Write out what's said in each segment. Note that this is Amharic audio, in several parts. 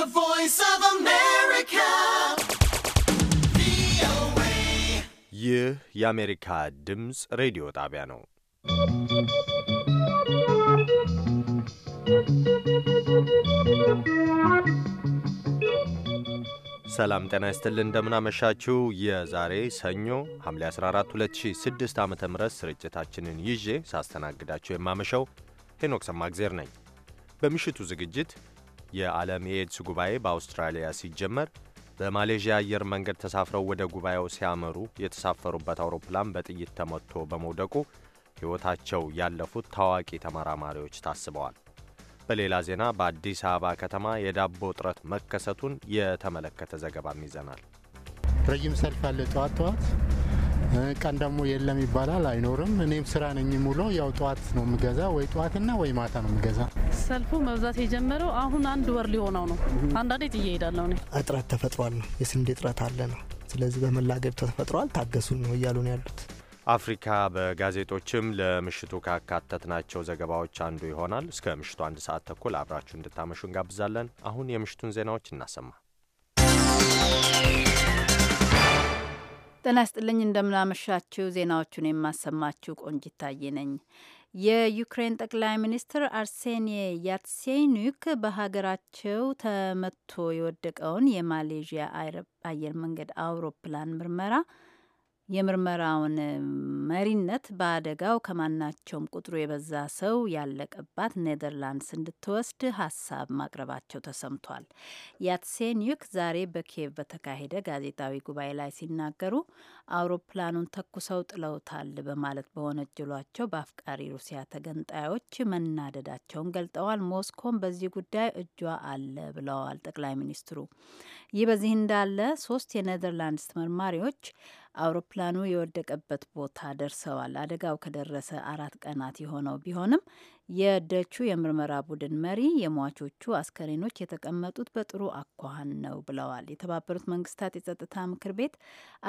The voice of America. ይህ የአሜሪካ ድምፅ ሬዲዮ ጣቢያ ነው። ሰላም ጤና ይስጥልን። እንደምናመሻችው የዛሬ ሰኞ ሐምሌ 14 2006 ዓ ም ስርጭታችንን ይዤ ሳስተናግዳቸው የማመሸው ሄኖክ ሰማግዜር ነኝ። በምሽቱ ዝግጅት የዓለም የኤድስ ጉባኤ በአውስትራሊያ ሲጀመር በማሌዥያ አየር መንገድ ተሳፍረው ወደ ጉባኤው ሲያመሩ የተሳፈሩበት አውሮፕላን በጥይት ተመቶ በመውደቁ ሕይወታቸው ያለፉት ታዋቂ ተመራማሪዎች ታስበዋል። በሌላ ዜና በአዲስ አበባ ከተማ የዳቦ እጥረት መከሰቱን የተመለከተ ዘገባም ይዘናል። ረጅም ሰልፍ አለ ጠዋት ጠዋት ቀን ደግሞ የለም ይባላል፣ አይኖርም። እኔም ስራ ነኝ ሙሎ ያው ጠዋት ነው የምገዛ፣ ወይ ጠዋትና ወይ ማታ ነው የምገዛ። ሰልፉ መብዛት የጀመረው አሁን አንድ ወር ሊሆነው ነው። አንዳንዴ ጥዬ እሄዳለሁ እኔ። እጥረት ተፈጥሯል ነው የስንዴ እጥረት አለ ነው። ስለዚህ በመላገብ ተፈጥሯል፣ ታገሱን ነው እያሉ ነው ያሉት። አፍሪካ በጋዜጦችም ለምሽቱ ካካተትናቸው ዘገባዎች አንዱ ይሆናል። እስከ ምሽቱ አንድ ሰዓት ተኩል አብራችሁ እንድታመሹ እንጋብዛለን። አሁን የምሽቱን ዜናዎች እናሰማ። ጤና ይስጥልኝ እንደምናመሻችው ዜናዎቹን የማሰማችሁ ቆንጂት ታዬ ነኝ። የዩክሬን ጠቅላይ ሚኒስትር አርሴኒ ያትሴኒክ በሀገራቸው ተመቶ የወደቀውን የማሌዥያ አየር መንገድ አውሮፕላን ምርመራ የምርመራውን መሪነት በአደጋው ከማናቸውም ቁጥሩ የበዛ ሰው ያለቀባት ኔዘርላንድስ እንድትወስድ ሀሳብ ማቅረባቸው ተሰምቷል። ያትሴኒዩክ ዛሬ በኪየቭ በተካሄደ ጋዜጣዊ ጉባኤ ላይ ሲናገሩ አውሮፕላኑን ተኩሰው ጥለውታል በማለት በወነጀሏቸው በአፍቃሪ ሩሲያ ተገንጣዮች መናደዳቸውን ገልጠዋል። ሞስኮም በዚህ ጉዳይ እጇ አለ ብለዋል ጠቅላይ ሚኒስትሩ። ይህ በዚህ እንዳለ ሶስት የኔዘርላንድስ መርማሪዎች አውሮፕላኑ የወደቀበት ቦታ ደርሰዋል። አደጋው ከደረሰ አራት ቀናት የሆነው ቢሆንም የደቹ የምርመራ ቡድን መሪ የሟቾቹ አስከሬኖች የተቀመጡት በጥሩ አኳኋን ነው ብለዋል። የተባበሩት መንግስታት የጸጥታ ምክር ቤት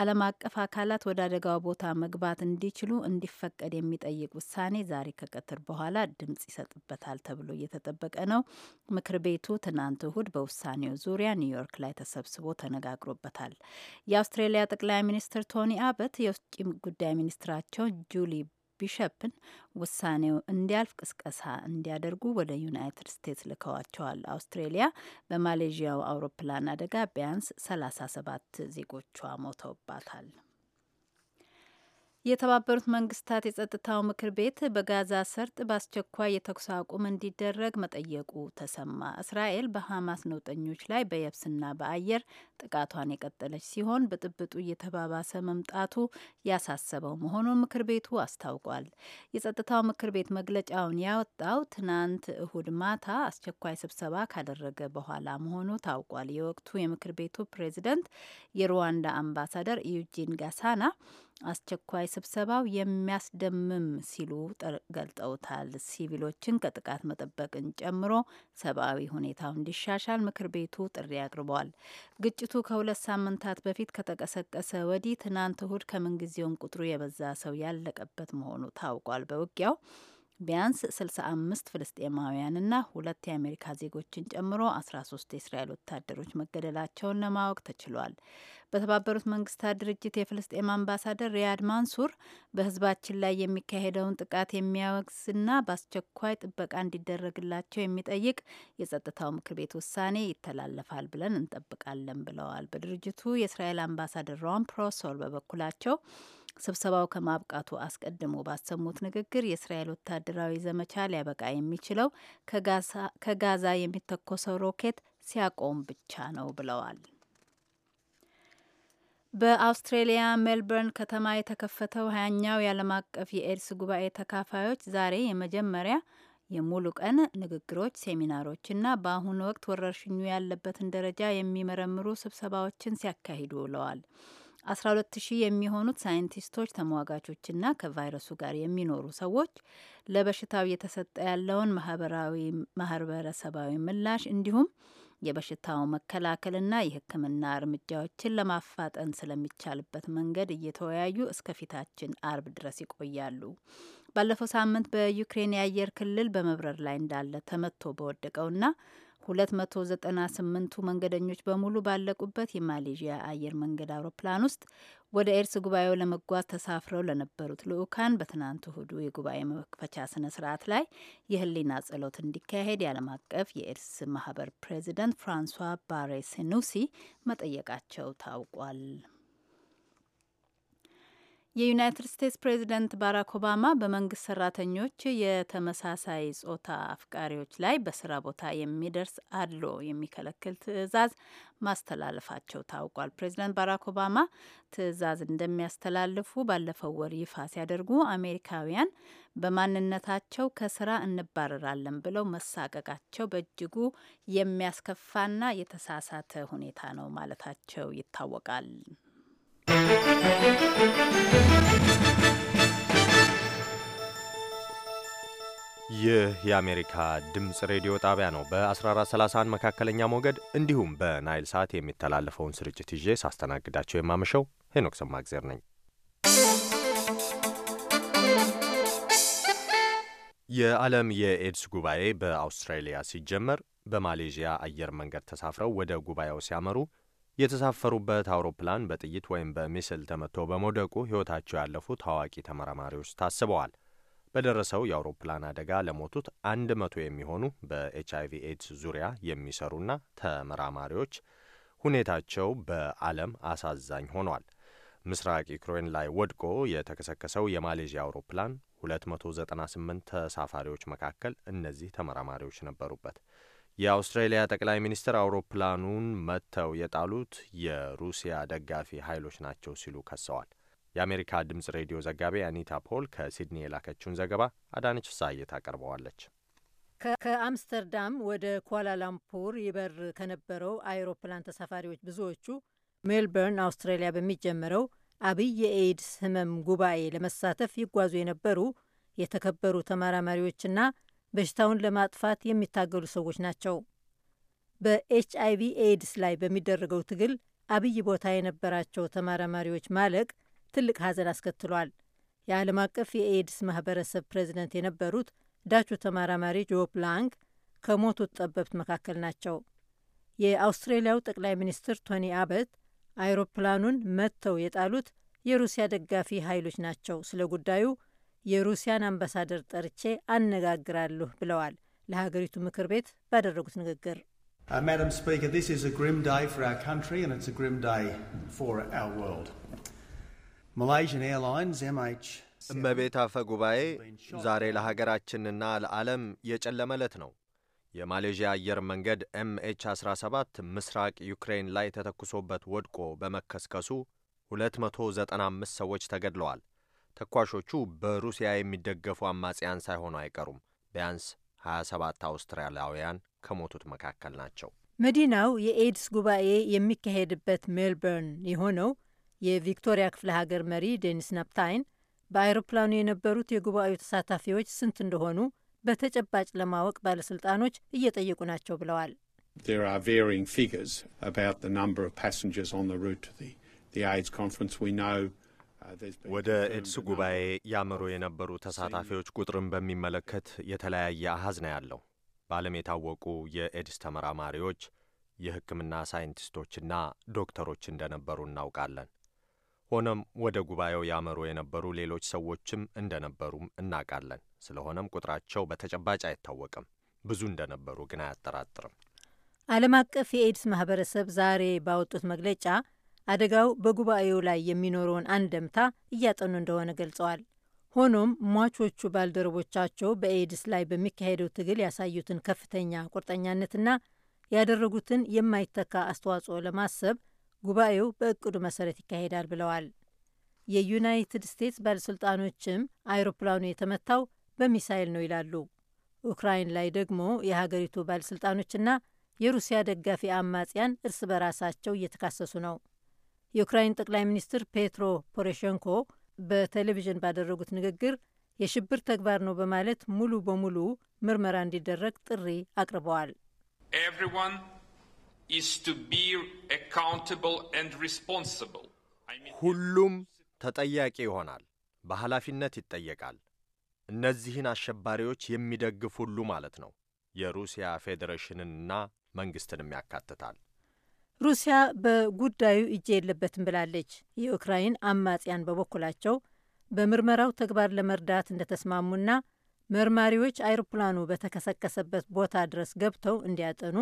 ዓለም አቀፍ አካላት ወደ አደጋው ቦታ መግባት እንዲችሉ እንዲፈቀድ የሚጠይቅ ውሳኔ ዛሬ ከቀትር በኋላ ድምጽ ይሰጥበታል ተብሎ እየተጠበቀ ነው። ምክር ቤቱ ትናንት እሁድ በውሳኔው ዙሪያ ኒውዮርክ ላይ ተሰብስቦ ተነጋግሮበታል። የአውስትሬሊያ ጠቅላይ ሚኒስትር ቶኒ አበት የውጭ ጉዳይ ሚኒስትራቸው ጁሊ ቢሸፕን ውሳኔው እንዲያልፍ ቅስቀሳ እንዲያደርጉ ወደ ዩናይትድ ስቴትስ ልከዋቸዋል። አውስትሬሊያ በማሌዥያው አውሮፕላን አደጋ ቢያንስ 37 ዜጎቿ ሞተውባታል። የተባበሩት መንግስታት የጸጥታው ምክር ቤት በጋዛ ሰርጥ በአስቸኳይ የተኩስ አቁም እንዲደረግ መጠየቁ ተሰማ። እስራኤል በሐማስ ነውጠኞች ላይ በየብስና በአየር ጥቃቷን የቀጠለች ሲሆን ብጥብጡ እየተባባሰ መምጣቱ ያሳሰበው መሆኑን ምክር ቤቱ አስታውቋል። የጸጥታው ምክር ቤት መግለጫውን ያወጣው ትናንት እሁድ ማታ አስቸኳይ ስብሰባ ካደረገ በኋላ መሆኑ ታውቋል። የወቅቱ የምክር ቤቱ ፕሬዚደንት የሩዋንዳ አምባሳደር ኢዩጂን ጋሳና አስቸኳይ ስብሰባው የሚያስደምም ሲሉ ገልጠውታል። ሲቪሎችን ከጥቃት መጠበቅን ጨምሮ ሰብአዊ ሁኔታው እንዲሻሻል ምክር ቤቱ ጥሪ አቅርቧል። ግጭቱ ከሁለት ሳምንታት በፊት ከተቀሰቀሰ ወዲህ ትናንት እሁድ ከምንጊዜውም ቁጥሩ የበዛ ሰው ያለቀበት መሆኑ ታውቋል። በውጊያው ቢያንስ 65 ፍልስጤማውያንና ሁለት የአሜሪካ ዜጎችን ጨምሮ 13 የእስራኤል ወታደሮች መገደላቸውን ለማወቅ ተችሏል። በተባበሩት መንግስታት ድርጅት የፍልስጤም አምባሳደር ሪያድ ማንሱር በህዝባችን ላይ የሚካሄደውን ጥቃት የሚያወግዝና በአስቸኳይ ጥበቃ እንዲደረግላቸው የሚጠይቅ የጸጥታው ምክር ቤት ውሳኔ ይተላለፋል ብለን እንጠብቃለን ብለዋል። በድርጅቱ የእስራኤል አምባሳደር ሮን ፕሮሶል በበኩላቸው ስብሰባው ከማብቃቱ አስቀድሞ ባሰሙት ንግግር የእስራኤል ወታደራዊ ዘመቻ ሊያበቃ የሚችለው ከጋዛ የሚተኮሰው ሮኬት ሲያቆም ብቻ ነው ብለዋል። በአውስትሬሊያ ሜልበርን ከተማ የተከፈተው ሀያኛው የዓለም አቀፍ የኤድስ ጉባኤ ተካፋዮች ዛሬ የመጀመሪያ የሙሉ ቀን ንግግሮች፣ ሴሚናሮች እና በአሁኑ ወቅት ወረርሽኙ ያለበትን ደረጃ የሚመረምሩ ስብሰባዎችን ሲያካሂዱ ውለዋል። 12,000 የሚሆኑት ሳይንቲስቶች፣ ተሟጋቾችና ከቫይረሱ ጋር የሚኖሩ ሰዎች ለበሽታው እየተሰጠ ያለውን ማህበረሰባዊ ምላሽ እንዲሁም የበሽታው መከላከልና የሕክምና እርምጃዎችን ለማፋጠን ስለሚቻልበት መንገድ እየተወያዩ እስከ ፊታችን አርብ ድረስ ይቆያሉ። ባለፈው ሳምንት በዩክሬን የአየር ክልል በመብረር ላይ እንዳለ ተመቶ በወደቀውና 298ቱ መንገደኞች በሙሉ ባለቁበት የማሌዥያ አየር መንገድ አውሮፕላን ውስጥ ወደ ኤድስ ጉባኤው ለመጓዝ ተሳፍረው ለነበሩት ልዑካን በትናንት እሁዱ የጉባኤ መክፈቻ ስነ ስርዓት ላይ የህሊና ጸሎት እንዲካሄድ የዓለም አቀፍ የኤድስ ማህበር ፕሬዚደንት ፍራንሷ ባሬ ሴኑሲ መጠየቃቸው ታውቋል። የዩናይትድ ስቴትስ ፕሬዚደንት ባራክ ኦባማ በመንግስት ሰራተኞች የተመሳሳይ ጾታ አፍቃሪዎች ላይ በስራ ቦታ የሚደርስ አድሎ የሚከለክል ትዕዛዝ ማስተላለፋቸው ታውቋል። ፕሬዚደንት ባራክ ኦባማ ትዕዛዝ እንደሚያስተላልፉ ባለፈው ወር ይፋ ሲያደርጉ አሜሪካውያን በማንነታቸው ከስራ እንባረራለን ብለው መሳቀቃቸው በእጅጉ የሚያስከፋና የተሳሳተ ሁኔታ ነው ማለታቸው ይታወቃል። ይህ የአሜሪካ ድምፅ ሬዲዮ ጣቢያ ነው። በ1431 መካከለኛ ሞገድ እንዲሁም በናይል ሰዓት የሚተላለፈውን ስርጭት ይዤ ሳስተናግዳቸው የማመሸው ሄኖክ ሰማግዜር ነኝ። የዓለም የኤድስ ጉባኤ በአውስትራሊያ ሲጀመር በማሌዥያ አየር መንገድ ተሳፍረው ወደ ጉባኤው ሲያመሩ የተሳፈሩበት አውሮፕላን በጥይት ወይም በሚስል ተመቶ በመውደቁ ሕይወታቸው ያለፉ ታዋቂ ተመራማሪዎች ታስበዋል። በደረሰው የአውሮፕላን አደጋ ለሞቱት አንድ መቶ የሚሆኑ በኤች አይቪ ኤድስ ዙሪያ የሚሰሩና ተመራማሪዎች ሁኔታቸው በዓለም አሳዛኝ ሆኗል። ምስራቅ ዩክሬን ላይ ወድቆ የተከሰከሰው የማሌዥያ አውሮፕላን 298 ተሳፋሪዎች መካከል እነዚህ ተመራማሪዎች ነበሩበት። የአውስትሬሊያ ጠቅላይ ሚኒስትር አውሮፕላኑን መጥተው የጣሉት የሩሲያ ደጋፊ ኃይሎች ናቸው ሲሉ ከሰዋል። የአሜሪካ ድምፅ ሬዲዮ ዘጋቢ አኒታ ፖል ከሲድኒ የላከችውን ዘገባ አዳነች ፍስሐዬ ታቀርበዋለች። ከአምስተርዳም ወደ ኳላላምፑር ይበር ከነበረው አይሮፕላን ተሳፋሪዎች ብዙዎቹ ሜልበርን አውስትሬሊያ በሚጀመረው አብይ የኤድስ ህመም ጉባኤ ለመሳተፍ ይጓዙ የነበሩ የተከበሩ ተመራማሪዎችና በሽታውን ለማጥፋት የሚታገሉ ሰዎች ናቸው። በኤች አይ ቪ ኤድስ ላይ በሚደረገው ትግል አብይ ቦታ የነበራቸው ተመራማሪዎች ማለቅ ትልቅ ሐዘን አስከትሏል። የዓለም አቀፍ የኤድስ ማህበረሰብ ፕሬዚደንት የነበሩት ዳቹ ተመራማሪ ጆብ ላንግ ከሞቱት ጠበብት መካከል ናቸው። የአውስትሬሊያው ጠቅላይ ሚኒስትር ቶኒ አበት አይሮፕላኑን መጥተው የጣሉት የሩሲያ ደጋፊ ኃይሎች ናቸው፣ ስለ ጉዳዩ የሩሲያን አምባሳደር ጠርቼ አነጋግራለሁ ብለዋል። ለሀገሪቱ ምክር ቤት ባደረጉት ንግግር uh, እመቤት አፈ ጉባኤ፣ ዛሬ ለሀገራችንና ለዓለም የጨለመ ዕለት ነው። የማሌዥያ አየር መንገድ ኤምኤች 17 ምስራቅ ዩክሬን ላይ ተተኩሶበት ወድቆ በመከስከሱ 295 ሰዎች ተገድለዋል። ተኳሾቹ በሩሲያ የሚደገፉ አማጽያን ሳይሆኑ አይቀሩም። ቢያንስ 27 አውስትራሊያውያን ከሞቱት መካከል ናቸው። መዲናው የኤድስ ጉባኤ የሚካሄድበት ሜልበርን የሆነው የቪክቶሪያ ክፍለ ሀገር መሪ ዴኒስ ናፕታይን በአይሮፕላኑ የነበሩት የጉባኤው ተሳታፊዎች ስንት እንደሆኑ በተጨባጭ ለማወቅ ባለስልጣኖች እየጠየቁ ናቸው ብለዋል። ወደ ኤድስ ጉባኤ ያመሩ የነበሩ ተሳታፊዎች ቁጥርን በሚመለከት የተለያየ አሃዝ ነው ያለው። በዓለም የታወቁ የኤድስ ተመራማሪዎች፣ የሕክምና ሳይንቲስቶችና ዶክተሮች እንደነበሩ እናውቃለን። ሆኖም ወደ ጉባኤው ያመሩ የነበሩ ሌሎች ሰዎችም እንደነበሩም እናውቃለን። ስለሆነም ቁጥራቸው በተጨባጭ አይታወቅም። ብዙ እንደነበሩ ግን አያጠራጥርም። ዓለም አቀፍ የኤድስ ማህበረሰብ ዛሬ ባወጡት መግለጫ አደጋው በጉባኤው ላይ የሚኖረውን አንደምታ እያጠኑ እንደሆነ ገልጸዋል። ሆኖም ሟቾቹ ባልደረቦቻቸው በኤድስ ላይ በሚካሄደው ትግል ያሳዩትን ከፍተኛ ቁርጠኛነትና ያደረጉትን የማይተካ አስተዋጽኦ ለማሰብ ጉባኤው በእቅዱ መሰረት ይካሄዳል ብለዋል። የዩናይትድ ስቴትስ ባለሥልጣኖችም አይሮፕላኑ የተመታው በሚሳይል ነው ይላሉ። ኡክራይን ላይ ደግሞ የሀገሪቱ ባለሥልጣኖችና የሩሲያ ደጋፊ አማጽያን እርስ በራሳቸው እየተካሰሱ ነው። የዩክራይን ጠቅላይ ሚኒስትር ፔትሮ ፖሮሼንኮ በቴሌቪዥን ባደረጉት ንግግር የሽብር ተግባር ነው በማለት ሙሉ በሙሉ ምርመራ እንዲደረግ ጥሪ አቅርበዋል። ሁሉም ተጠያቂ ይሆናል፣ በኃላፊነት ይጠየቃል። እነዚህን አሸባሪዎች የሚደግፍ ሁሉ ማለት ነው። የሩሲያ ፌዴሬሽንንና መንግሥትንም ያካትታል። ሩሲያ በጉዳዩ እጄ የለበትም ብላለች። የዩክራይን አማጽያን በበኩላቸው በምርመራው ተግባር ለመርዳት እንደተስማሙና መርማሪዎች አይሮፕላኑ በተከሰከሰበት ቦታ ድረስ ገብተው እንዲያጠኑ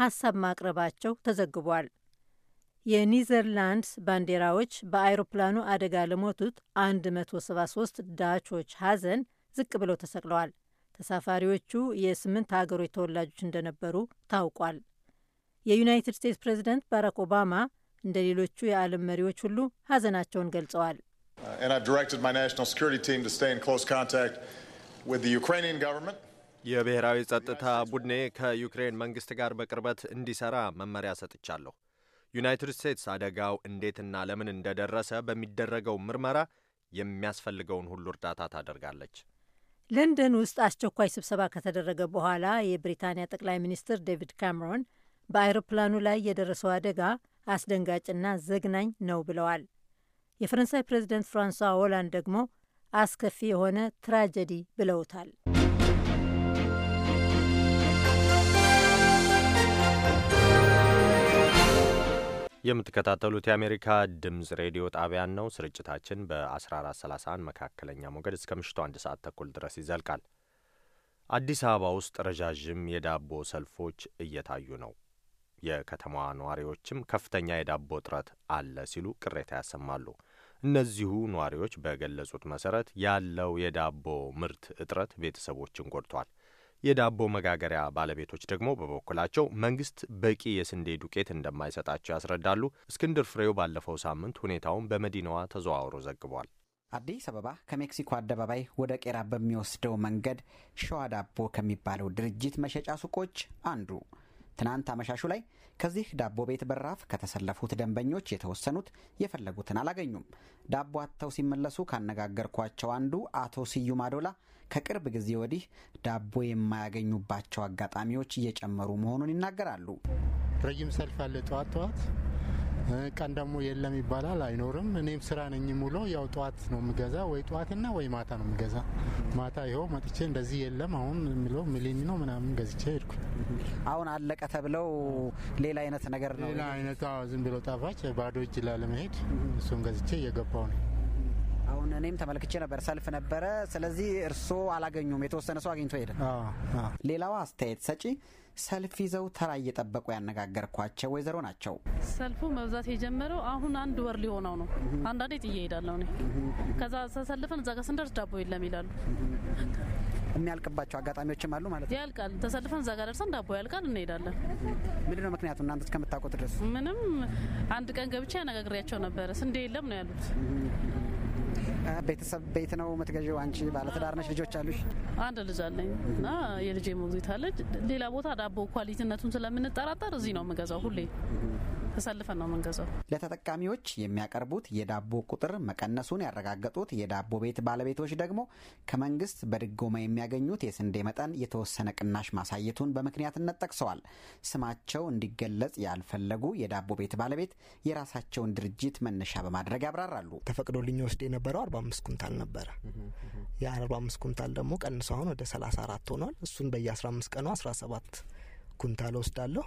ሀሳብ ማቅረባቸው ተዘግቧል። የኒዘርላንድስ ባንዲራዎች በአይሮፕላኑ አደጋ ለሞቱት 173 ዳቾች ሀዘን ዝቅ ብለው ተሰቅለዋል። ተሳፋሪዎቹ የስምንት ሀገሮች ተወላጆች እንደነበሩ ታውቋል። የዩናይትድ ስቴትስ ፕሬዚደንት ባራክ ኦባማ እንደ ሌሎቹ የዓለም መሪዎች ሁሉ ሀዘናቸውን ገልጸዋል። uh, የብሔራዊ ጸጥታ ቡድኔ ከዩክሬን መንግሥት ጋር በቅርበት እንዲሠራ መመሪያ ሰጥቻለሁ። ዩናይትድ ስቴትስ አደጋው እንዴትና ለምን እንደደረሰ በሚደረገው ምርመራ የሚያስፈልገውን ሁሉ እርዳታ ታደርጋለች። ለንደን ውስጥ አስቸኳይ ስብሰባ ከተደረገ በኋላ የብሪታንያ ጠቅላይ ሚኒስትር ዴቪድ ካምሮን በአይሮፕላኑ ላይ የደረሰው አደጋ አስደንጋጭና ዘግናኝ ነው ብለዋል። የፈረንሳይ ፕሬዚደንት ፍራንሷ ሆላንድ ደግሞ አስከፊ የሆነ ትራጀዲ ብለውታል። የምትከታተሉት የአሜሪካ ድምፅ ሬዲዮ ጣቢያን ነው። ስርጭታችን በ1431 መካከለኛ ሞገድ እስከ ምሽቱ አንድ ሰዓት ተኩል ድረስ ይዘልቃል። አዲስ አበባ ውስጥ ረዣዥም የዳቦ ሰልፎች እየታዩ ነው። የከተማዋ ነዋሪዎችም ከፍተኛ የዳቦ እጥረት አለ ሲሉ ቅሬታ ያሰማሉ። እነዚሁ ነዋሪዎች በገለጹት መሰረት ያለው የዳቦ ምርት እጥረት ቤተሰቦችን ጎድቷል። የዳቦ መጋገሪያ ባለቤቶች ደግሞ በበኩላቸው መንግስት በቂ የስንዴ ዱቄት እንደማይሰጣቸው ያስረዳሉ። እስክንድር ፍሬው ባለፈው ሳምንት ሁኔታውን በመዲናዋ ተዘዋውሮ ዘግቧል። አዲስ አበባ ከሜክሲኮ አደባባይ ወደ ቄራ በሚወስደው መንገድ ሸዋ ዳቦ ከሚባለው ድርጅት መሸጫ ሱቆች አንዱ ትናንት አመሻሹ ላይ ከዚህ ዳቦ ቤት በራፍ ከተሰለፉት ደንበኞች የተወሰኑት የፈለጉትን አላገኙም። ዳቦ አጥተው ሲመለሱ ካነጋገርኳቸው አንዱ አቶ ስዩም አዶላ ከቅርብ ጊዜ ወዲህ ዳቦ የማያገኙባቸው አጋጣሚዎች እየጨመሩ መሆኑን ይናገራሉ። ረጅም ሰልፍ አለ ጠዋት ጠዋት ቀን ደግሞ የለም ይባላል፣ አይኖርም። እኔም ስራ ነኝ ሙሎ ያው ጠዋት ነው የምገዛ፣ ወይ ጠዋትና ወይ ማታ ነው የምገዛ። ማታ ይኸው መጥቼ እንደዚህ የለም አሁን የሚለው ሚሊኒ ነው ምናምን ገዝቼ ሄድኩ። አሁን አለቀ ተብለው ሌላ አይነት ነገር ነው ሌላ አይነት ዝም ብሎ ጣፋጭ ባዶ እጅ ላለመሄድ እሱም ገዝቼ እየገባው ነው። አሁን እኔም ተመልክቼ ነበር፣ ሰልፍ ነበረ። ስለዚህ እርስዎ አላገኙም፣ የተወሰነ ሰው አግኝቶ ሄደ። ሌላው አስተያየት ሰጪ ሰልፍ ይዘው ተራ እየጠበቁ ያነጋገርኳቸው ወይዘሮ ናቸው። ሰልፉ መብዛት የጀመረው አሁን አንድ ወር ሊሆነው ነው። አንዳንዴ ጥዬ እሄዳለሁ እኔ። ከዛ ተሰልፈን እዛ ጋር ስንደርስ ዳቦ የለም ይላሉ። የሚያልቅባቸው አጋጣሚዎችም አሉ ማለት ነው። ያልቃል። ተሰልፈን እዛ ጋር ደርሰን ዳቦ ያልቃል፣ እንሄዳለን። ምንድን ነው ምክንያቱ? እናንተ እስከምታውቁት ድረስ ምንም። አንድ ቀን ገብቼ ያነጋግሬያቸው ነበረ። ስንዴ የለም ነው ያሉት ቤተሰብ ቤት ነው የምትገዢው? አንቺ ባለትዳር ነሽ? ልጆች አሉሽ? አንድ ልጅ አለኝ እና የልጄ ሞግዚት አለች። ሌላ ቦታ ዳቦ ኳሊቲነቱን ስለምንጠራጠር እዚህ ነው የምገዛው ሁሌ ተሰልፈን ነው የምንገዛው። ለተጠቃሚዎች የሚያቀርቡት የዳቦ ቁጥር መቀነሱን ያረጋገጡት የዳቦ ቤት ባለቤቶች ደግሞ ከመንግስት በድጎማ የሚያገኙት የስንዴ መጠን የተወሰነ ቅናሽ ማሳየቱን በምክንያትነት ጠቅሰዋል። ስማቸው እንዲገለጽ ያልፈለጉ የዳቦ ቤት ባለቤት የራሳቸውን ድርጅት መነሻ በማድረግ ያብራራሉ። ተፈቅዶልኝ ወስድ የነበረው አርባ አምስት ኩንታል ነበረ። የአርባ አምስት ኩንታል ደግሞ ቀንሶ አሁን ወደ ሰላሳ አራት ሆኗል። እሱን በየ አስራ አምስት ቀኑ አስራ ሰባት ኩንታል ወስዳለሁ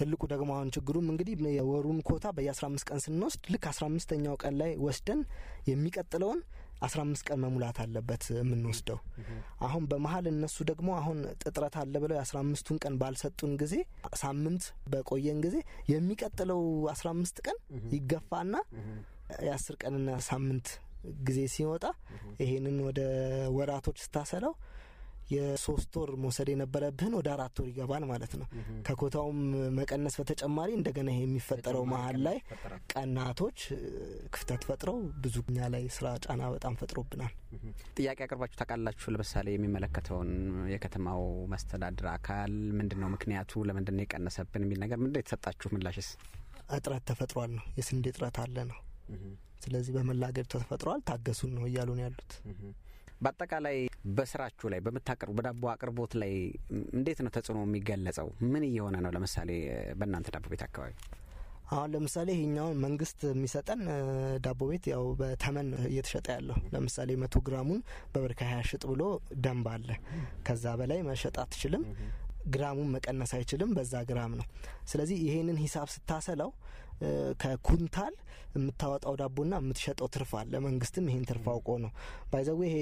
ትልቁ ደግሞ አሁን ችግሩም እንግዲህ የወሩን ኮታ በየ15 ቀን ስንወስድ ልክ 15 አምስተኛው ቀን ላይ ወስደን የሚቀጥለውን አምስት ቀን መሙላት አለበት የምንወስደው። አሁን በመሀል እነሱ ደግሞ አሁን እጥረት አለ ብለው የአስራ አምስቱን ቀን ባልሰጡን ጊዜ ሳምንት በቆየን ጊዜ የሚቀጥለው 15 ቀን ይገፋና የአስር ቀንና ሳምንት ጊዜ ሲወጣ ይሄንን ወደ ወራቶች ስታሰለው የሶስት ወር መውሰድ የነበረብህን ወደ አራት ወር ይገባል ማለት ነው። ከኮታውም መቀነስ በተጨማሪ እንደገና ይሄ የሚፈጠረው መሀል ላይ ቀናቶች ክፍተት ፈጥረው ብዙ እኛ ላይ ስራ ጫና በጣም ፈጥሮብናል። ጥያቄ አቅርባችሁ ታውቃላችሁ? ለምሳሌ የሚመለከተውን የከተማው መስተዳድር አካል ምንድን ነው ምክንያቱ ለምንድን ነው የቀነሰብን የሚል ነገር ምንድን ነው የተሰጣችሁ ምላሽስ? እጥረት ተፈጥሯል ነው የስንዴ እጥረት አለ ነው። ስለዚህ በመላገድ ተፈጥሯል ታገሱን ነው እያሉን ያሉት በአጠቃላይ በስራችሁ ላይ በምታቀርቡ በዳቦ አቅርቦት ላይ እንዴት ነው ተጽዕኖ የሚገለጸው? ምን እየሆነ ነው? ለምሳሌ በእናንተ ዳቦ ቤት አካባቢ አሁን ለምሳሌ ይህኛውን መንግስት የሚሰጠን ዳቦ ቤት ያው በተመን እየተሸጠ ያለው ለምሳሌ መቶ ግራሙን በብር ከሀያ ሽጥ ብሎ ደንብ አለ። ከዛ በላይ መሸጥ አትችልም። ግራሙን መቀነስ አይችልም፣ በዛ ግራም ነው። ስለዚህ ይሄንን ሂሳብ ስታሰላው ከኩንታል የምታወጣው ዳቦና የምትሸጠው ትርፍ አለ። መንግስትም ይሄን ትርፍ አውቆ ነው ባይዘዌ ይሄ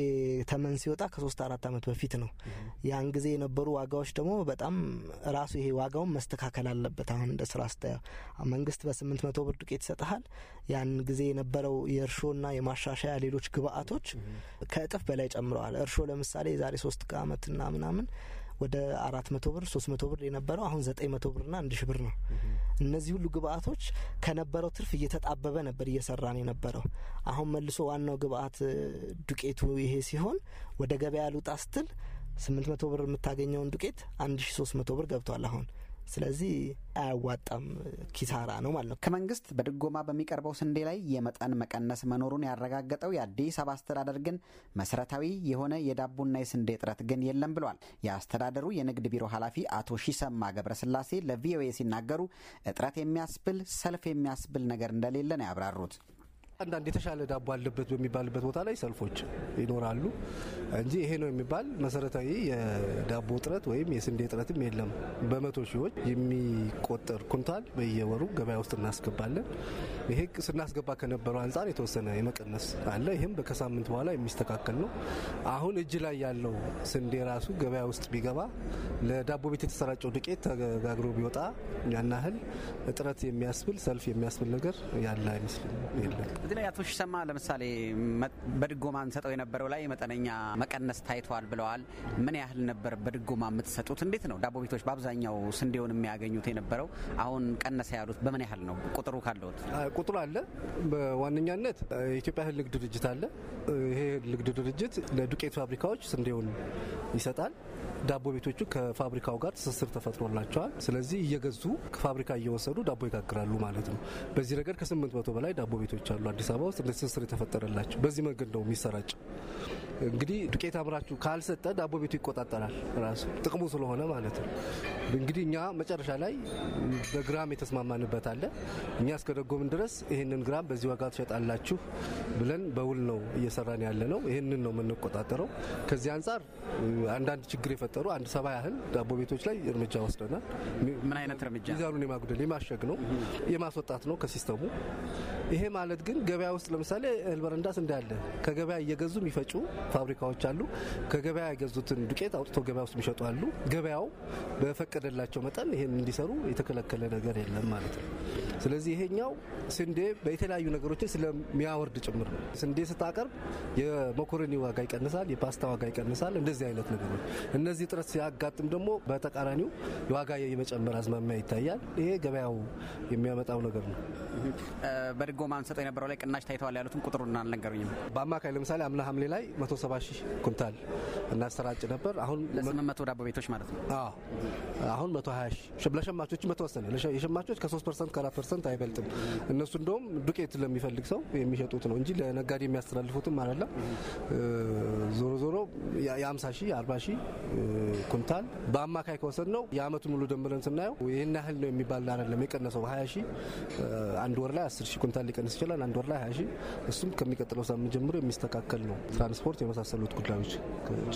ተመን ሲወጣ ከሶስት አራት አመት በፊት ነው። ያን ጊዜ የነበሩ ዋጋዎች ደግሞ በጣም ራሱ ይሄ ዋጋውን መስተካከል አለበት። አሁን እንደ ስራ ስታየ መንግስት በስምንት መቶ ብር ዱቄት ይሰጠሃል ያን ጊዜ የነበረው የእርሾና የማሻሻያ ሌሎች ግብአቶች ከእጥፍ በላይ ጨምረዋል። እርሾ ለምሳሌ የዛሬ ሶስት አመትና ምናምን ወደ አራት መቶ ብር ሶስት መቶ ብር የነበረው አሁን ዘጠኝ መቶ ብርና አንድ ሺ ብር ነው። እነዚህ ሁሉ ግብአቶች ከነበረው ትርፍ እየተጣበበ ነበር እየሰራን የነበረው። አሁን መልሶ ዋናው ግብአት ዱቄቱ ይሄ ሲሆን ወደ ገበያ ልውጣ ስትል ስምንት መቶ ብር የምታገኘውን ዱቄት አንድ ሺ ሶስት መቶ ብር ገብቷል አሁን ስለዚህ አያዋጣም፣ ኪሳራ ነው ማለት ነው። ከመንግስት በድጎማ በሚቀርበው ስንዴ ላይ የመጠን መቀነስ መኖሩን ያረጋገጠው የአዲስ አበባ አስተዳደር ግን መሰረታዊ የሆነ የዳቦና የስንዴ እጥረት ግን የለም ብሏል። የአስተዳደሩ የንግድ ቢሮ ኃላፊ አቶ ሺሰማ ገብረስላሴ ለቪኦኤ ሲናገሩ እጥረት የሚያስብል ሰልፍ የሚያስብል ነገር እንደሌለ ነው ያብራሩት። አንዳንድ የተሻለ ዳቦ አለበት በሚባልበት ቦታ ላይ ሰልፎች ይኖራሉ እንጂ ይሄ ነው የሚባል መሰረታዊ የዳቦ እጥረት ወይም የስንዴ እጥረትም የለም። በመቶ ሺዎች የሚቆጠር ኩንታል በየወሩ ገበያ ውስጥ እናስገባለን። ይሄ ስናስገባ ከነበረው አንጻር የተወሰነ የመቀነስ አለ። ይህም ከሳምንት በኋላ የሚስተካከል ነው። አሁን እጅ ላይ ያለው ስንዴ ራሱ ገበያ ውስጥ ቢገባ ለዳቦ ቤት የተሰራጨው ዱቄት ተጋግሮ ቢወጣ ያናህል እጥረት የሚያስብል ሰልፍ የሚያስብል ነገር ያለ አይመስልም የለም። እዚህ ላይ አቶ ሽሰማ ለምሳሌ በድጎማ እንሰጠው የነበረው ላይ መጠነኛ መቀነስ ታይቷል ብለዋል። ምን ያህል ነበር በድጎማ የምትሰጡት? እንዴት ነው ዳቦ ቤቶች በአብዛኛው ስንዴውን የሚያገኙት የነበረው አሁን ቀነሰ ያሉት በምን ያህል ነው? ቁጥሩ ካለት ቁጥሩ አለ። በዋነኛነት የኢትዮጵያ እህል ንግድ ድርጅት አለ። ይሄ ንግድ ድርጅት ለዱቄት ፋብሪካዎች ስንዴውን ይሰጣል። ዳቦ ቤቶቹ ከፋብሪካው ጋር ትስስር ተፈጥሮላቸዋል። ስለዚህ እየገዙ ከፋብሪካ እየወሰዱ ዳቦ ይጋግራሉ ማለት ነው። በዚህ ረገድ ከስምንት መቶ በላይ ዳቦ ቤቶች አሉ አዲስ አበባ ውስጥ ለትስስር የተፈጠረላቸው በዚህ መንገድ ነው የሚሰራጭ። እንግዲህ ዱቄት አብራችሁ ካልሰጠ ዳቦ ቤቱ ይቆጣጠራል ራሱ ጥቅሙ ስለሆነ ማለት ነው። እንግዲህ እኛ መጨረሻ ላይ በግራም የተስማማንበት አለ። እኛ እስከ ደጎምን ድረስ ይህንን ግራም በዚህ ዋጋ ትሸጣላችሁ ብለን በውል ነው እየሰራን ያለ ነው። ይህንን ነው የምንቆጣጠረው። ከዚህ አንጻር አንዳንድ ችግር የፈጠሩ አንድ ሰባ ያህል ዳቦ ቤቶች ላይ እርምጃ ወስደናል። ምን አይነት እርምጃ? ሚዛኑን የማጉደል የማሸግ ነው የማስወጣት ነው ከሲስተሙ። ይሄ ማለት ግን ገበያ ውስጥ ለምሳሌ ስንዴ አለ ከገበያ እየገዙ የሚፈጩ ፋብሪካዎች አሉ። ከገበያ የገዙትን ዱቄት አውጥቶ ገበያ ውስጥ የሚሸጡ አሉ። ገበያው በፈቀደላቸው መጠን ይህን እንዲሰሩ የተከለከለ ነገር የለም ማለት ነው። ስለዚህ ይሄኛው ስንዴ በተለያዩ ነገሮችን ስለሚያወርድ ጭምር ነው። ስንዴ ስታቀርብ የመኮረኒ ዋጋ ይቀንሳል፣ የፓስታ ዋጋ ይቀንሳል። እንደዚህ አይነት ነገሮች እነዚህ ጥረት ሲያጋጥም ደግሞ በተቃራኒው የዋጋ የመጨመር አዝማሚያ ይታያል። ይሄ ገበያው የሚያመጣው ነገር ነው። በድጎ ማን ሰጠው የነበረው ላይ ቅናሽ ታይተዋል ያሉትም ቁጥሩን አልነገሩኝም። በአማካይ ለምሳሌ አምና ሐምሌ ላይ 170 ሺህ ኩንታል እናሰራጭ ነበር። አሁን ለስምንት መቶ ዳቦ ቤቶች ማለት ነው። አሁን 120 ሺህ ለሸማቾች በተወሰነ የሸማቾች ከ3 ፐርሰንት ከ4 ፐርሰንት አይበልጥም። እነሱ እንደውም ዱቄት ለሚፈልግ ሰው የሚሸጡት ነው እንጂ ለነጋዴ የሚያስተላልፉትም አይደለም። ዞሮ ዞሮ የ50 ሺህ የ ሺህ ኩንታል በአማካይ ከወሰድ ነው የአመቱን ሙሉ ደምረን ስናየው ይህን ያህል ነው የሚባል አይደለም። የቀነሰው 20 ሺህ አንድ ወር ላይ 10 ሺህ ኩንታል ሊቀንስ ይችላል። አንድ ወር ላይ ሀያ ሺህ እሱም ከሚቀጥለው ሳምንት ጀምሮ የሚስተካከል ነው። ትራንስፖርት የመሳሰሉት ጉዳዮች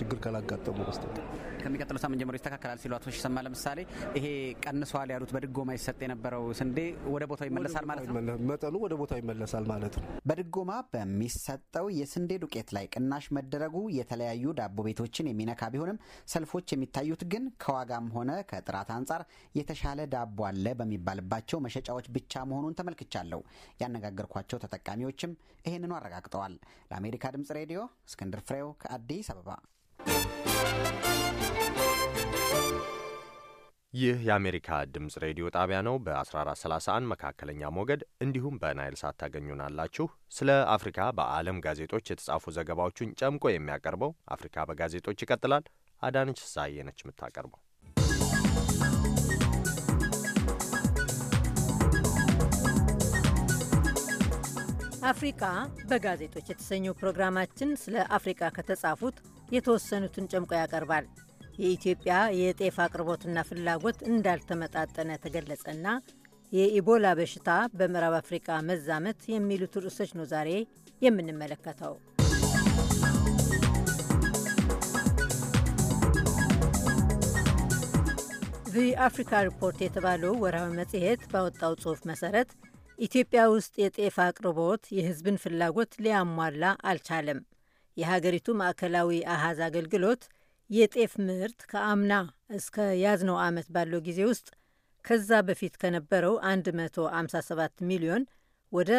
ችግር ካላጋጠሙ በስተቀር ከሚቀጥለው ሳምንት ጀምሮ ይስተካከላል ሲሉ አቶ ሽሰማ ለምሳሌ ይሄ ቀንሷል ያሉት በድጎማ ይሰጥ የነበረው ስንዴ ወደ ወደ ቦታው ይመለሳል ማለት ነው። መጠኑ ወደ ቦታው ይመለሳል ማለት ነው። በድጎማ በሚሰጠው የስንዴ ዱቄት ላይ ቅናሽ መደረጉ የተለያዩ ዳቦ ቤቶችን የሚነካ ቢሆንም ሰልፎች የሚታዩት ግን ከዋጋም ሆነ ከጥራት አንጻር የተሻለ ዳቦ አለ በሚባልባቸው መሸጫዎች ብቻ መሆኑን ተመልክቻለሁ። ያነጋገርኳቸው ተጠቃሚዎችም ይህንኑ አረጋግጠዋል። ለአሜሪካ ድምጽ ሬዲዮ እስክንድር ፍሬው ከአዲስ አበባ ይህ የአሜሪካ ድምፅ ሬዲዮ ጣቢያ ነው። በ1431 መካከለኛ ሞገድ እንዲሁም በናይል ሳት ታገኙናላችሁ። ስለ አፍሪካ በዓለም ጋዜጦች የተጻፉ ዘገባዎችን ጨምቆ የሚያቀርበው አፍሪካ በጋዜጦች ይቀጥላል። አዳነች ሳዬ ነች የምታቀርበው። አፍሪካ በጋዜጦች የተሰኘው ፕሮግራማችን ስለ አፍሪካ ከተጻፉት የተወሰኑትን ጨምቆ ያቀርባል። የኢትዮጵያ የጤፍ አቅርቦትና ፍላጎት እንዳልተመጣጠነ ተገለጸና የኢቦላ በሽታ በምዕራብ አፍሪቃ መዛመት የሚሉት ርዕሶች ነው ዛሬ የምንመለከተው። ዚ አፍሪካ ሪፖርት የተባለው ወርሃዊ መጽሔት ባወጣው ጽሑፍ መሰረት ኢትዮጵያ ውስጥ የጤፍ አቅርቦት የሕዝብን ፍላጎት ሊያሟላ አልቻለም። የሀገሪቱ ማዕከላዊ አሃዝ አገልግሎት የጤፍ ምርት ከአምና እስከ ያዝነው ዓመት ባለው ጊዜ ውስጥ ከዛ በፊት ከነበረው 157 ሚሊዮን ወደ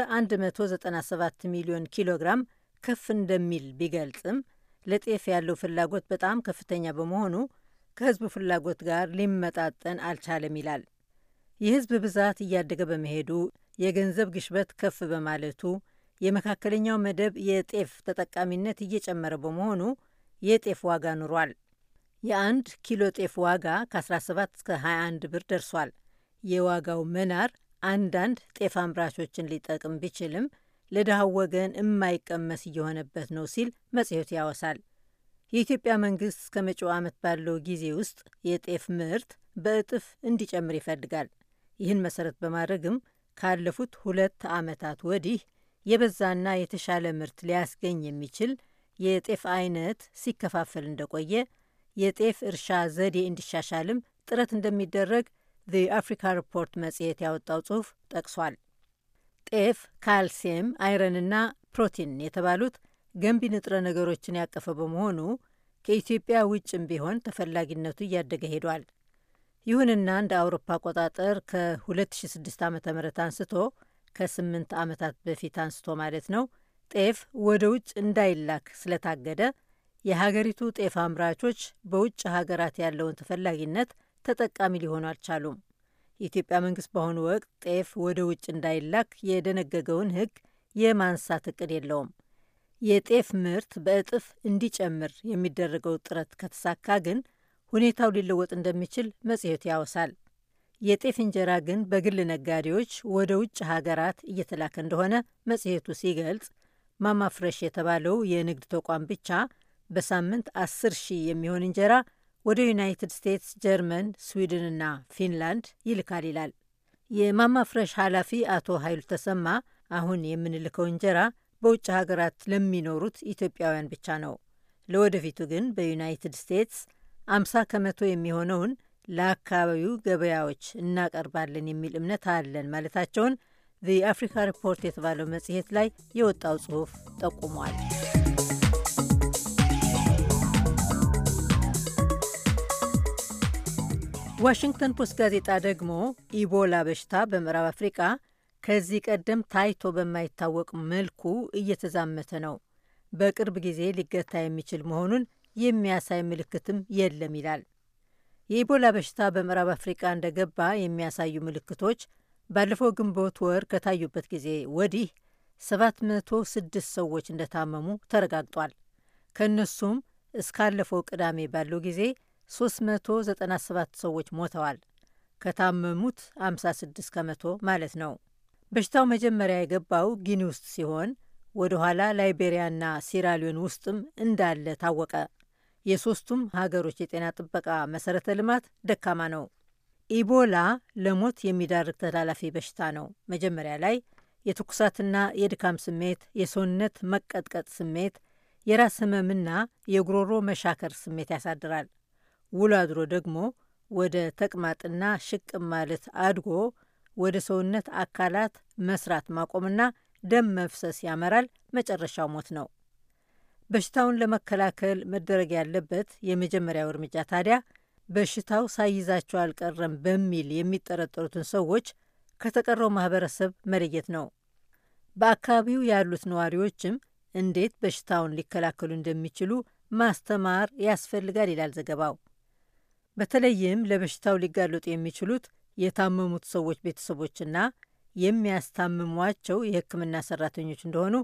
197 ሚሊዮን ኪሎ ግራም ከፍ እንደሚል ቢገልጽም ለጤፍ ያለው ፍላጎት በጣም ከፍተኛ በመሆኑ ከህዝቡ ፍላጎት ጋር ሊመጣጠን አልቻለም ይላል። የህዝብ ብዛት እያደገ በመሄዱ፣ የገንዘብ ግሽበት ከፍ በማለቱ፣ የመካከለኛው መደብ የጤፍ ተጠቃሚነት እየጨመረ በመሆኑ የጤፍ ዋጋ ኑሯል። የአንድ ኪሎ ጤፍ ዋጋ ከ17 እስከ 21 ብር ደርሷል። የዋጋው መናር አንዳንድ ጤፍ አምራቾችን ሊጠቅም ቢችልም ለድሃው ወገን የማይቀመስ እየሆነበት ነው ሲል መጽሔቱ ያወሳል። የኢትዮጵያ መንግስት እስከ መጪው ዓመት ባለው ጊዜ ውስጥ የጤፍ ምርት በእጥፍ እንዲጨምር ይፈልጋል። ይህን መሰረት በማድረግም ካለፉት ሁለት ዓመታት ወዲህ የበዛና የተሻለ ምርት ሊያስገኝ የሚችል የጤፍ አይነት ሲከፋፈል እንደቆየ የጤፍ እርሻ ዘዴ እንዲሻሻልም ጥረት እንደሚደረግ ዘ አፍሪካ ሪፖርት መጽሔት ያወጣው ጽሑፍ ጠቅሷል። ጤፍ ካልሲየም፣ አይረንና ፕሮቲን የተባሉት ገንቢ ንጥረ ነገሮችን ያቀፈ በመሆኑ ከኢትዮጵያ ውጭም ቢሆን ተፈላጊነቱ እያደገ ሄዷል። ይሁንና እንደ አውሮፓ አቆጣጠር ከ2006 ዓ ም አንስቶ ከ8 ዓመታት በፊት አንስቶ ማለት ነው ጤፍ ወደ ውጭ እንዳይላክ ስለታገደ የሀገሪቱ ጤፍ አምራቾች በውጭ ሀገራት ያለውን ተፈላጊነት ተጠቃሚ ሊሆኑ አልቻሉም። የኢትዮጵያ መንግስት በአሁኑ ወቅት ጤፍ ወደ ውጭ እንዳይላክ የደነገገውን ሕግ የማንሳት እቅድ የለውም። የጤፍ ምርት በእጥፍ እንዲጨምር የሚደረገው ጥረት ከተሳካ ግን ሁኔታው ሊለወጥ እንደሚችል መጽሔቱ ያወሳል። የጤፍ እንጀራ ግን በግል ነጋዴዎች ወደ ውጭ ሀገራት እየተላከ እንደሆነ መጽሔቱ ሲገልጽ ማማፍረሽ የተባለው የንግድ ተቋም ብቻ በሳምንት 10 ሺህ የሚሆን እንጀራ ወደ ዩናይትድ ስቴትስ፣ ጀርመን፣ ስዊድንና ፊንላንድ ይልካል ይላል። የማማፍረሽ ኃላፊ አቶ ኃይሉ ተሰማ አሁን የምንልከው እንጀራ በውጭ ሀገራት ለሚኖሩት ኢትዮጵያውያን ብቻ ነው። ለወደፊቱ ግን በዩናይትድ ስቴትስ አምሳ ከመቶ የሚሆነውን ለአካባቢው ገበያዎች እናቀርባለን የሚል እምነት አለን ማለታቸውን የአፍሪካ ሪፖርት የተባለው መጽሔት ላይ የወጣው ጽሑፍ ጠቁሟል። ዋሽንግተን ፖስት ጋዜጣ ደግሞ ኢቦላ በሽታ በምዕራብ አፍሪቃ ከዚህ ቀደም ታይቶ በማይታወቅ መልኩ እየተዛመተ ነው፣ በቅርብ ጊዜ ሊገታ የሚችል መሆኑን የሚያሳይ ምልክትም የለም ይላል። የኢቦላ በሽታ በምዕራብ አፍሪቃ እንደገባ የሚያሳዩ ምልክቶች ባለፈው ግንቦት ወር ከታዩበት ጊዜ ወዲህ 706 ሰዎች እንደታመሙ ተረጋግጧል። ከእነሱም እስካለፈው ቅዳሜ ባለው ጊዜ 397 ሰዎች ሞተዋል። ከታመሙት 56 ከመቶ ማለት ነው። በሽታው መጀመሪያ የገባው ጊኒ ውስጥ ሲሆን ወደ ኋላ ላይቤሪያና ሲራሊዮን ውስጥም እንዳለ ታወቀ። የሦስቱም ሀገሮች የጤና ጥበቃ መሠረተ ልማት ደካማ ነው። ኢቦላ ለሞት የሚዳርግ ተላላፊ በሽታ ነው። መጀመሪያ ላይ የትኩሳትና የድካም ስሜት፣ የሰውነት መቀጥቀጥ ስሜት፣ የራስ ህመምና የጉሮሮ መሻከር ስሜት ያሳድራል። ውሎ አድሮ ደግሞ ወደ ተቅማጥና ሽቅም ማለት አድጎ ወደ ሰውነት አካላት መስራት ማቆምና ደም መፍሰስ ያመራል። መጨረሻው ሞት ነው። በሽታውን ለመከላከል መደረግ ያለበት የመጀመሪያው እርምጃ ታዲያ በሽታው ሳይዛቸው አልቀረም በሚል የሚጠረጠሩትን ሰዎች ከተቀረው ማህበረሰብ መለየት ነው። በአካባቢው ያሉት ነዋሪዎችም እንዴት በሽታውን ሊከላከሉ እንደሚችሉ ማስተማር ያስፈልጋል ይላል ዘገባው። በተለይም ለበሽታው ሊጋለጡ የሚችሉት የታመሙት ሰዎች ቤተሰቦችና የሚያስታምሟቸው የሕክምና ሰራተኞች እንደሆኑ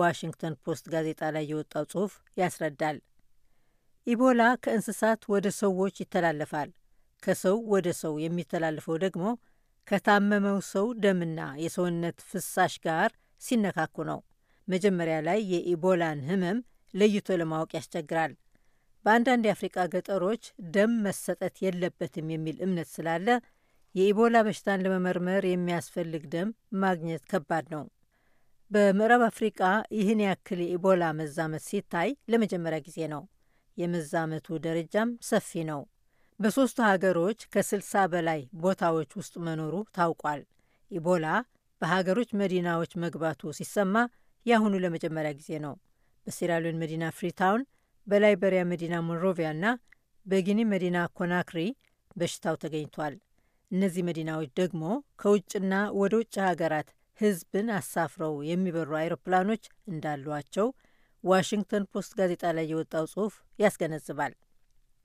ዋሽንግተን ፖስት ጋዜጣ ላይ የወጣው ጽሑፍ ያስረዳል። ኢቦላ ከእንስሳት ወደ ሰዎች ይተላለፋል። ከሰው ወደ ሰው የሚተላለፈው ደግሞ ከታመመው ሰው ደምና የሰውነት ፍሳሽ ጋር ሲነካኩ ነው። መጀመሪያ ላይ የኢቦላን ህመም ለይቶ ለማወቅ ያስቸግራል። በአንዳንድ የአፍሪቃ ገጠሮች ደም መሰጠት የለበትም የሚል እምነት ስላለ የኢቦላ በሽታን ለመመርመር የሚያስፈልግ ደም ማግኘት ከባድ ነው። በምዕራብ አፍሪቃ ይህን ያክል የኢቦላ መዛመት ሲታይ ለመጀመሪያ ጊዜ ነው። የመዛመቱ ደረጃም ሰፊ ነው። በሦስቱ ሀገሮች ከ በላይ ቦታዎች ውስጥ መኖሩ ታውቋል። ኢቦላ በሀገሮች መዲናዎች መግባቱ ሲሰማ የአሁኑ ለመጀመሪያ ጊዜ ነው። በሴራሊዮን መዲና ፍሪታውን፣ በላይበሪያ መዲና ሞንሮቪያ እና በጊኒ መዲና ኮናክሪ በሽታው ተገኝቷል። እነዚህ መዲናዎች ደግሞ ከውጭና ወደ ውጭ ሀገራት ሕዝብን አሳፍረው የሚበሩ አይሮፕላኖች እንዳሏቸው ዋሽንግተን ፖስት ጋዜጣ ላይ የወጣው ጽሑፍ ያስገነዝባል።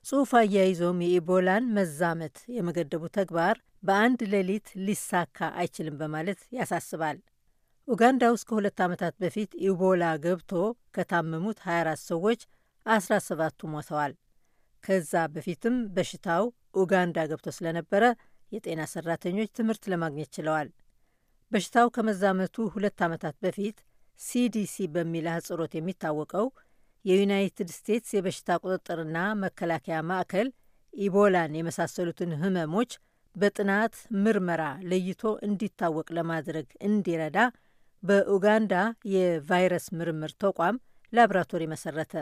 ጽሑፍ አያይዞም የኢቦላን መዛመት የመገደቡ ተግባር በአንድ ሌሊት ሊሳካ አይችልም በማለት ያሳስባል። ኡጋንዳ ውስጥ ከሁለት ዓመታት በፊት ኢቦላ ገብቶ ከታመሙት 24 ሰዎች 17ቱ ሞተዋል። ከዛ በፊትም በሽታው ኡጋንዳ ገብቶ ስለነበረ የጤና ሰራተኞች ትምህርት ለማግኘት ችለዋል። በሽታው ከመዛመቱ ሁለት ዓመታት በፊት ሲዲሲ በሚል አህጽሮት የሚታወቀው የዩናይትድ ስቴትስ የበሽታ ቁጥጥርና መከላከያ ማዕከል ኢቦላን የመሳሰሉትን ህመሞች በጥናት ምርመራ ለይቶ እንዲታወቅ ለማድረግ እንዲረዳ በኡጋንዳ የቫይረስ ምርምር ተቋም ላብራቶሪ መሰረተ።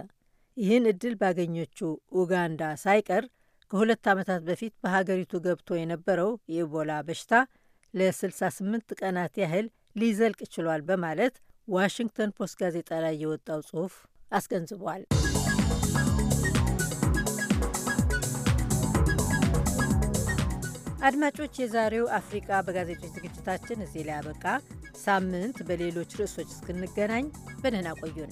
ይህን እድል ባገኘችው ኡጋንዳ ሳይቀር ከሁለት ዓመታት በፊት በሀገሪቱ ገብቶ የነበረው የኢቦላ በሽታ ለ68 ቀናት ያህል ሊዘልቅ ችሏል በማለት ዋሽንግተን ፖስት ጋዜጣ ላይ የወጣው ጽሑፍ አስገንዝቧል። አድማጮች፣ የዛሬው አፍሪቃ በጋዜጦች ዝግጅታችን እዚህ ላይ አበቃ። ሳምንት በሌሎች ርዕሶች እስክንገናኝ በደህና ቆዩን።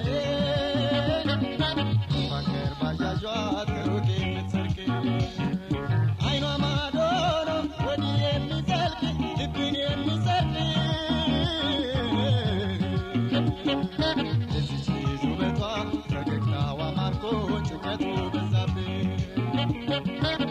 Thank you.